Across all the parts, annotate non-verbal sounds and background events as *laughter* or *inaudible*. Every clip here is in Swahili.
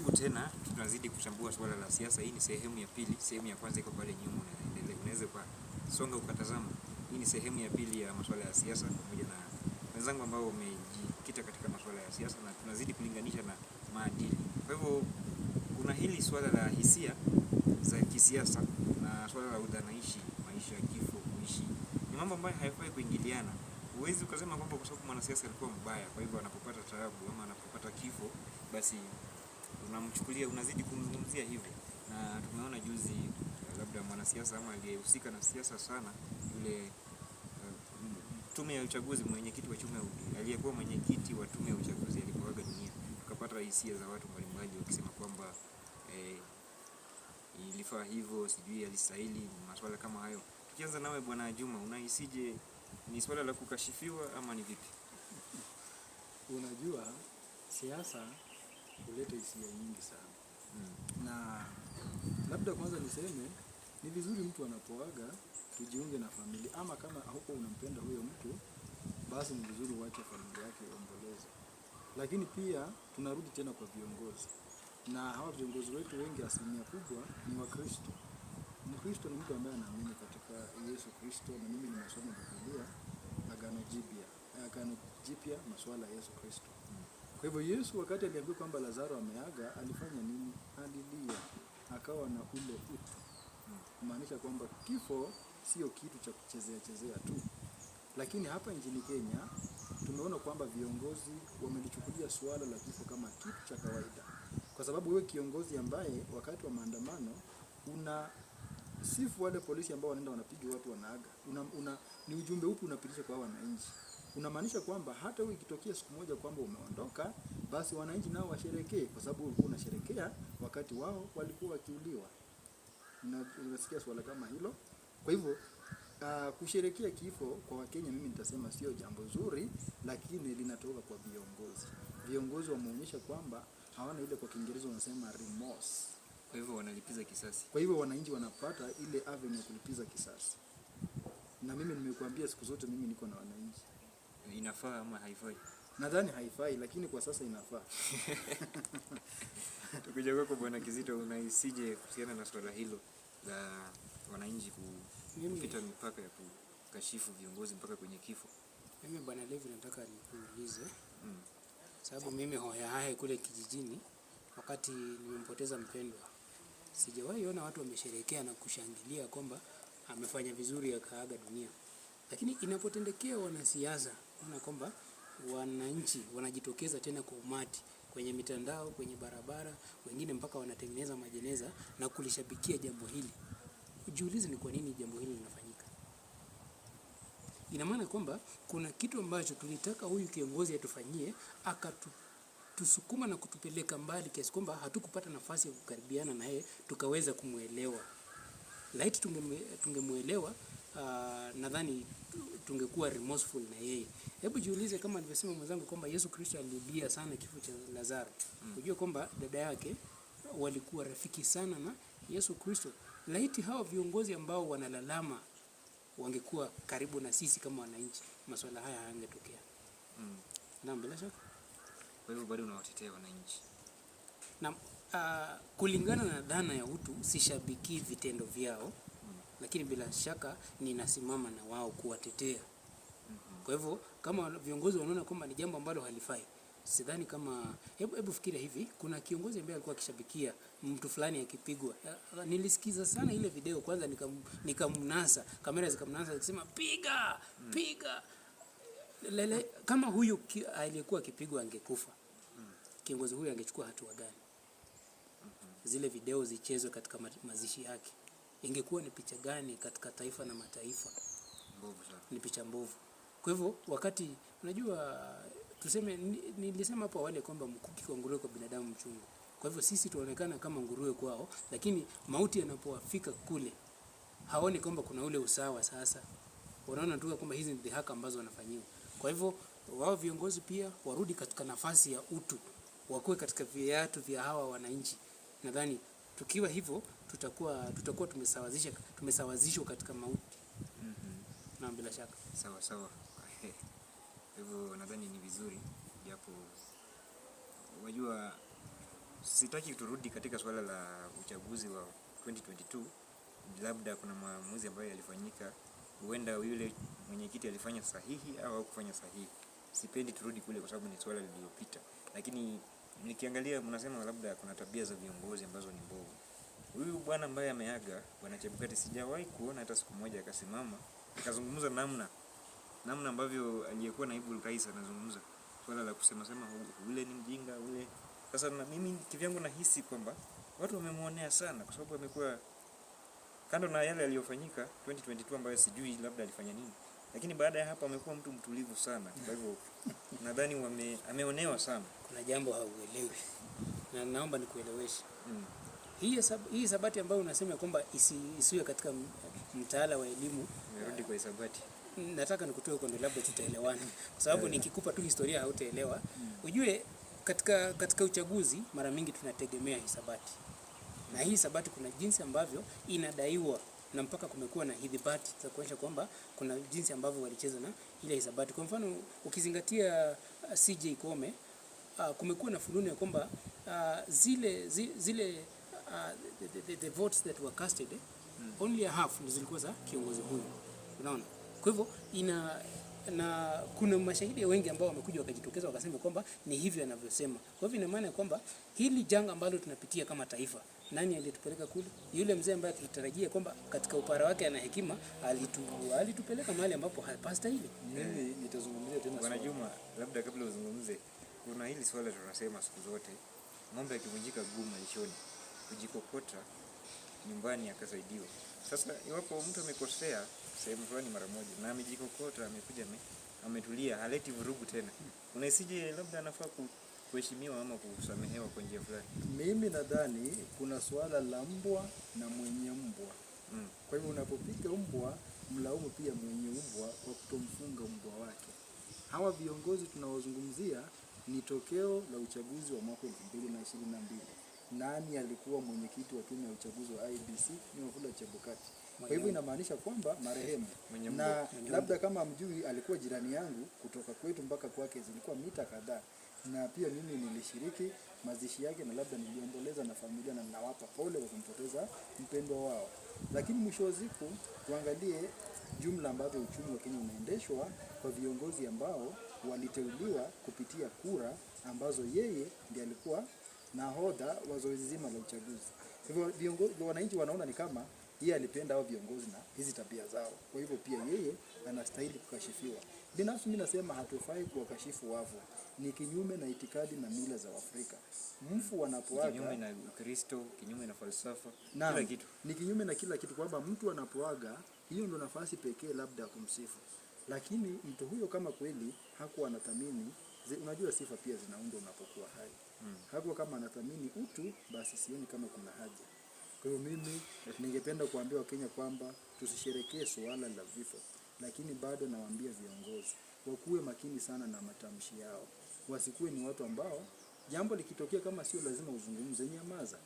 Karibu tena, tunazidi kuchambua suala la siasa. Hii ni sehemu ya pili. Sehemu ya kwanza iko pale nyuma, unaweza songa ukatazama. Hii ni sehemu ya pili ya masuala ya siasa, pamoja na wenzangu ambao wamejikita katika masuala ya siasa, na tunazidi kulinganisha na maadili. Kwa hivyo kuna hili suala la hisia za kisiasa na suala la udhanaishi, maisha ya kifo, kuishi, ni mambo ambayo hayafai kuingiliana. Huwezi ukasema kwamba kwa sababu mwanasiasa alikuwa mbaya, kwa hivyo anapopata taabu ama anapopata kifo, basi unamchukulia unazidi kumzungumzia hivyo, na tumeona juzi labda mwanasiasa ama aliyehusika na siasa sana yule uh, tume ya uchaguzi, mwenyekiti wa tume aliyekuwa mwenyekiti wa tume ya uchaguzi alipoaga dunia, tukapata hisia za watu mbalimbali wakisema kwamba eh, ilifaa hivyo, sijui alistahili, maswala kama hayo. Tukianza nawe Bwana Juma, unahisije? Ni swala la kukashifiwa ama ni vipi? Unajua siasa huleta hisia nyingi sana mm. Na labda kwanza niseme ni vizuri mtu anapoaga tujiunge na familia, ama kama huko unampenda huyo mtu, basi ni vizuri uache familia yake iomboleze. Lakini pia tunarudi tena kwa viongozi, na hawa viongozi wetu wengi, asilimia kubwa ni Wakristo. Mkristo ni mtu ambaye anaamini katika Yesu Kristo, na mimi nimesoma Biblia, Agano Jipya, Agano Jipya, masuala ya Yesu Kristo kwa hivyo Yesu wakati aliambiwa kwamba Lazaro ameaga, alifanya nini? Alilia, akawa na ule utu, kumaanisha kwamba kifo sio kitu cha kuchezea chezea tu. Lakini hapa nchini Kenya tumeona kwamba viongozi wamelichukulia suala la kifo kama kitu cha kawaida, kwa sababu wewe kiongozi ambaye wakati wa maandamano una sifu wale polisi ambao wanaenda wanapiga watu wanaaga, una, una, ni ujumbe upi unapitisha kwa wananchi? unamaanisha kwamba hata wewe ikitokea siku moja kwamba umeondoka, basi wananchi nao washerekee, kwa sababu ulikuwa unasherekea wakati wao walikuwa wakiuliwa. Unasikia swala kama hilo? Kwa hivyo uh, kusherekea kifo kwa Wakenya mimi nitasema sio jambo zuri, lakini linatoka kwa viongozi. Viongozi wameonyesha kwamba hawana ile, kwa Kiingereza wanasema remorse. Kwa hivyo wanalipiza kisasi. Kwa hivyo wananchi wanapata ile avenue ya kulipiza kisasi, na mimi nimekuambia siku zote mimi niko na wananchi. Inafaa ama haifai? Nadhani haifai, lakini kwa sasa inafaa. *laughs* Tukija kwako Bwana Kizito, unaisije kuhusiana na swala hilo la wananchi kupita mipaka ya kukashifu viongozi mpaka kwenye kifo? Mimi Bwana Levi, nataka nikuulize mm. sababu mimi hohehahe kule kijijini, wakati nimempoteza mpendwa, sijawahi ona watu wamesherekea na kushangilia kwamba amefanya vizuri akaaga dunia, lakini inapotendekea wanasiasa kuona kwamba wananchi wanajitokeza tena kwa umati kwenye mitandao, kwenye barabara, wengine mpaka wanatengeneza majeneza na kulishabikia jambo hili. Ujiulize ni kwa nini jambo hili linafanyika. Ina maana kwamba kuna kitu ambacho tulitaka huyu kiongozi atufanyie, akatusukuma na kutupeleka mbali kiasi kwamba hatukupata nafasi ya kukaribiana na yeye tukaweza kumwelewa. Laiti tungemwelewa tunge uh, nadhani tungekuwa remorseful na yeye. Hebu jiulize, kama alivyosema mwenzangu kwamba Yesu Kristo alilia sana kifo cha Lazaro mm. Unajua kwamba dada yake walikuwa rafiki sana na Yesu Kristo. Laiti hawa viongozi ambao wanalalama wangekuwa karibu na sisi kama wananchi, masuala haya hayangetokea. mm. Naam, bila shaka. Kwa hivyo bado unawatetea wananchi Naam, uh, kulingana na dhana ya utu, sishabiki vitendo vyao lakini bila shaka ninasimama na wao kuwatetea. Kwa hivyo kama viongozi wanaona kwamba ni jambo ambalo halifai, sidhani kama. Hebu hebu fikiria hivi, kuna kiongozi ambaye alikuwa akishabikia mtu fulani akipigwa. Nilisikiza sana ile video kwanza, nikamnasa nika kamera zikamnasa zikisema piga piga lele. Kama huyu aliyekuwa akipigwa angekufa, kiongozi huyu angechukua hatua gani? Zile video zichezwe katika mazishi yake ingekuwa ni picha gani katika taifa na mataifa? Mbovu sana. Ni picha mbovu. Kwa hivyo wakati unajua tuseme, nilisema hapo awali kwamba mkuki kwa nguruwe kwa binadamu mchungu. Kwa hivyo sisi tuonekana kama nguruwe kwao, lakini mauti yanapowafika kule haoni kwamba kuna ule usawa. Sasa wanaona tu kwamba hizi ni dhihaka ambazo wanafanyiwa. Kwa hivyo wao viongozi pia warudi katika nafasi ya utu, wakuwe katika viatu vya hawa wananchi. Nadhani Tukiwa hivyo tutakuwa tutakuwa tumesawazisha tumesawazishwa katika mauti. mm -hmm. Na bila shaka sawa sawa, *laughs* hivyo nadhani ni vizuri, japo wajua, sitaki turudi katika suala la uchaguzi wa 2022 labda kuna maamuzi ambayo yalifanyika, huenda yule mwenyekiti alifanya sahihi au kufanya sahihi. Sipendi turudi kule, kwa sababu ni swala lililopita, lakini nikiangalia mnasema labda kuna tabia za viongozi ambazo ni mbovu. Huyu bwana ambaye ameaga, bwana Chebukati, sijawahi kuona hata siku moja akasimama akazungumza namna namna ambavyo aliyekuwa naibu rais anazungumza swala la kusema sema ule ni mjinga ule. Sasa na mimi kivyangu nahisi kwamba watu wamemwonea sana, kwa sababu amekuwa kando na yale aliyofanyika 2022 ambayo sijui labda alifanya nini, lakini baada ya hapo amekuwa mtu mtulivu sana. Kwa hivyo nadhani wame ameonewa sana kuna jambo hauelewi, na naomba nikueleweshe mm. Hii, sab hii sabati ambayo unasema kwamba isi, isiwe katika mtaala wa elimu rudi kwa sabati mm, nataka nikutoe huko ndio labda tutaelewana, kwa sababu eh. nikikupa tu historia hautaelewa. Mm. Ujue katika, katika uchaguzi mara mingi tunategemea hisabati, na hii sabati kuna jinsi ambavyo inadaiwa na mpaka kumekuwa na hidhibati za kuonyesha kwamba kuna jinsi ambavyo walicheza na ile hisabati. Kwa mfano ukizingatia uh, CJ Koome uh, kumekuwa na fununu ya kwamba uh, zile zile uh, the, the, the votes that were casted eh, mm. only a half ndio zilikuwa za kiongozi huyu, unaona. Kwa hivyo ina na kuna mashahidi wengi ambao wamekuja wakajitokeza wakasema kwamba ni hivyo anavyosema. Kwa hivyo ina maana ya kwamba hili janga ambalo tunapitia kama taifa, nani alitupeleka kule? Yule mzee ambaye tulitarajia kwamba katika upara wake ana hekima alitu, alitupeleka mahali ambapo hapastahili. Mimi nitazungumzia tena Bwana Juma, labda kabla uzungumze kuna hili swala tunasema siku zote, ng'ombe akivunjika guu malishoni kujikokota nyumbani akasaidiwa. Sasa iwapo mtu amekosea sehemu fulani mara moja na amejikokota, amekuja ametulia, haleti vurugu tena, unaisije labda anafaa kuheshimiwa ama kusamehewa kwa njia fulani. Mimi nadhani kuna swala la mbwa na mwenye mbwa mm. Kwa hivyo unapopiga mbwa, mlaumu pia mwenye mbwa kwa kutomfunga mbwa wake. Hawa viongozi tunawazungumzia ni tokeo la uchaguzi wa mwaka 2022. Nani alikuwa mwenyekiti wa tume ya uchaguzi wa IBC? E ni Wafula Chebukati. Kwa hivyo inamaanisha kwamba marehemu na labda kama mjui, alikuwa jirani yangu, kutoka kwetu mpaka kwake zilikuwa mita kadhaa, na pia mimi nilishiriki mazishi yake, na labda niliomboleza na familia na ninawapa pole kwa kumpoteza mpendwa wao. Lakini mwisho wa siku tuangalie jumla ambavyo uchumi wa Kenya unaendeshwa kwa viongozi ambao waliteuliwa kupitia kura ambazo yeye ndiye alikuwa nahodha wa zoezi zima la uchaguzi. Hivyo wananchi wanaona ni kama yeye alipenda hao viongozi na hizi tabia zao, kwa hivyo pia yeye anastahili kukashifiwa. Binafsi mimi nasema hatufai kuwakashifu wavu, ni kinyume na itikadi na mila za Afrika. Mfu anapoaga kinyume na Ukristo, kinyume na falsafa, kila kitu ni kinyume na kila kitu, kwamba mtu anapoaga, hiyo ndio nafasi pekee labda ya kumsifu. Lakini mtu huyo kama kweli hakuwa anathamini, unajua sifa pia zinaundwa unapokuwa hai mm. hakuwa kama anathamini utu, basi sioni kama kuna haja. Kwa hiyo mimi ningependa kuambia Wakenya kwamba tusisherekee suala la vifo, lakini bado nawaambia viongozi wakuwe makini sana na matamshi yao, wasikuwe ni watu ambao jambo likitokea kama sio lazima uzungumze, nyamaza.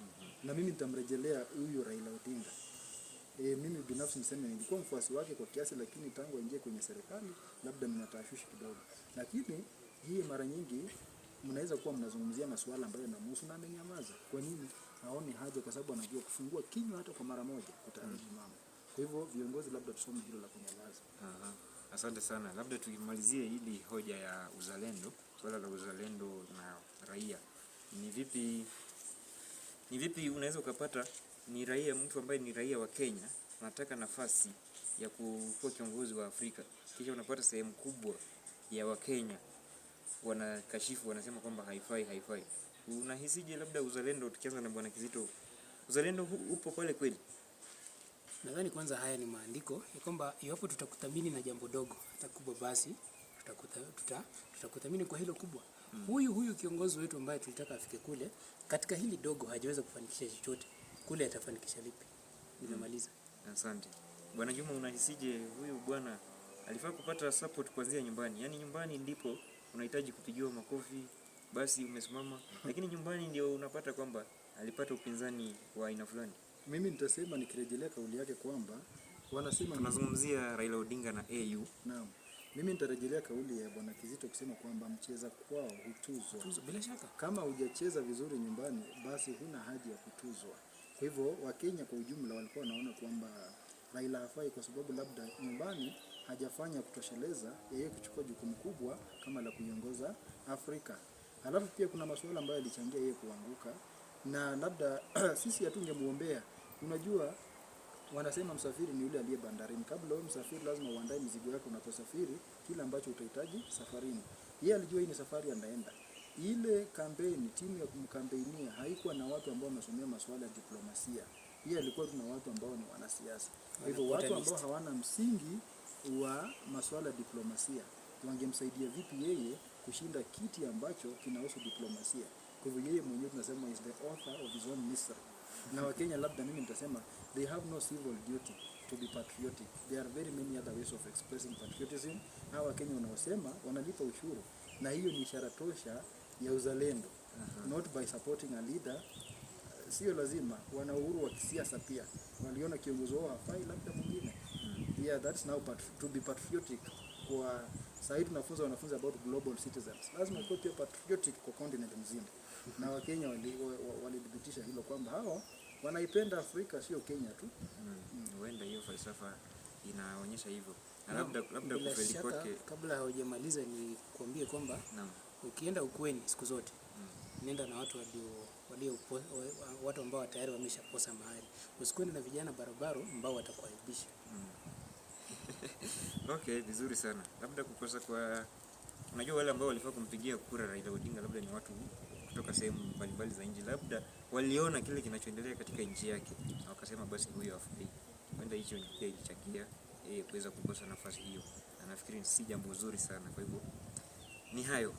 mm -hmm. na mimi nitamrejelea huyu Raila Odinga E, mimi binafsi niseme nilikuwa mfuasi wake kwa kiasi, lakini tangu aingie kwenye serikali labda ninataashwishi kidogo, lakini hii mara nyingi mnaweza kuwa mnazungumzia masuala ambayo yanamhusu na amenyamaza. Kwa nini? Haoni haja, kwa sababu anajua kufungua kinywa hata kwa mara moja kutaarifu mm. mama. Kwa hivyo viongozi, labda tusome hilo la kunyamaza. Asante sana, labda tuimalizie hili hoja ya uzalendo, swala la uzalendo na raia. Ni vipi, ni vipi unaweza ukapata ni raia, mtu ambaye ni raia wa Kenya anataka nafasi ya kuwa kiongozi wa Afrika, kisha unapata sehemu kubwa ya Wakenya wanakashifu, wanasema kwamba haifai, haifai. Unahisije labda uzalendo, tukianza na bwana Kizito, uzalendo upo pale kweli? Nadhani kwanza haya ni maandiko ya kwamba iwapo tutakuthamini na jambo dogo hata kubwa, basi tutakuthamini kwa hilo kubwa. Hmm. Huyu huyu kiongozi wetu ambaye tulitaka afike kule, katika hili dogo hajaweza kufanikisha chochote kule atafanikisha lipi? Nimemaliza. Asante bwana Juma, unahisije? Huyu bwana alifaa kupata support kuanzia nyumbani, yaani nyumbani ndipo unahitaji kupigiwa makofi, basi umesimama, lakini nyumbani ndio unapata kwamba alipata upinzani wa aina fulani. Mimi nitasema nikirejelea kauli yake kwamba wanasema, tunazungumzia Raila Odinga na AU. Naam. Mimi nitarejelea kauli ya bwana Kizito kusema kwamba mcheza kwao hutuzwa. Bila shaka, kama hujacheza vizuri nyumbani, basi huna haja ya kutuzwa. Kwa hivyo Wakenya kwa ujumla walikuwa wanaona kwamba Raila hafai kwa sababu labda nyumbani hajafanya kutosheleza yeye kuchukua jukumu kubwa kama la kuiongoza Afrika. Halafu pia kuna masuala ambayo yalichangia yeye kuanguka na labda *clears throat* sisi hatungemuombea. Unajua, wanasema msafiri ni yule aliye bandarini. Kabla wewe msafiri, lazima uandae mizigo yako unaposafiri, kile ambacho utahitaji safarini. Yeye alijua hii ni safari anaenda ile kampeni, timu ya kumkampenia haikuwa na watu ambao wamesomea masuala ya diplomasia. Pia alikuwa tuna watu ambao ni wanasiasa, kwa hivyo watu ambao hawana msingi wa masuala ya diplomasia wangemsaidia vipi yeye kushinda kiti ambacho kinahusu diplomasia? Kwa hivyo yeye mwenyewe tunasema is the author of his own misery. Na Wakenya labda mimi nitasema they have no civil duty to be patriotic. There are very many other ways of expressing patriotism. Hawa Wakenya wanaosema wanalipa ushuru, na hiyo ni ishara tosha ya uzalendo uh -huh. not by supporting a leader. Sio lazima, wana uhuru wa kisiasa pia, waliona kiongozi wao hafai, labda mwingine mm. yeah, that's now part, to be patriotic kwa sasa tunafunza wanafunzi about global citizens, lazima kuwe pia patriotic kwa continent mzima mm -hmm. na Wakenya walidhibitisha hilo kwamba hao wanaipenda Afrika, sio Kenya tu. Mm, huenda hmm. hiyo falsafa inaonyesha hivyo, na labda labda, kufeli kwake kabla haujamaliza, ni kuambie kwamba ukienda ukweni siku zote nenda na watu walio walio watu ambao tayari wameshakosa mahali. Usikwenda na vijana barabara ambao watakuaibisha. *laughs* Okay, vizuri sana. Labda kukosa kwa unajua wale ambao walifaa kumpigia kura Raila Odinga labda ni watu kutoka sehemu mbalimbali za nchi, labda waliona kile kinachoendelea katika nchi yake na wakasema basi huyo afai. Kwenda hicho pia ilichangia yeye eh, kuweza kukosa nafasi hiyo, na nafikiri si jambo zuri sana. Kwa hivyo ni hayo.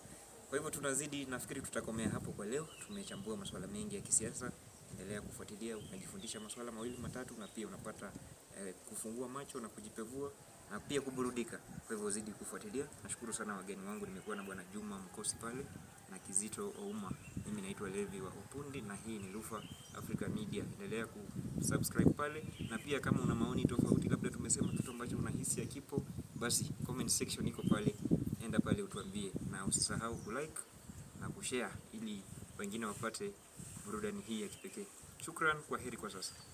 Kwa hivyo tunazidi, nafikiri tutakomea hapo kwa leo. Tumechambua masuala mengi ya kisiasa. Endelea kufuatilia, unajifundisha masuala mawili matatu, na pia unapata eh, kufungua macho na kujipevua na pia kuburudika. Kwa hivyo zidi kufuatilia. Nashukuru sana wageni wangu, nimekuwa na Bwana Juma Mkosi pale na Kizito Ouma. Mimi naitwa Levi wa Upundi na hii ni Lufa Africa Media. Endelea kusubscribe pale, na pia kama una maoni tofauti, labda tumesema kitu ambacho unahisi hakipo, basi comment section iko pale enda pale utuambie, na usisahau kulike na kushare ili wengine wapate burudani hii ya kipekee. Shukran, kwa heri kwa sasa.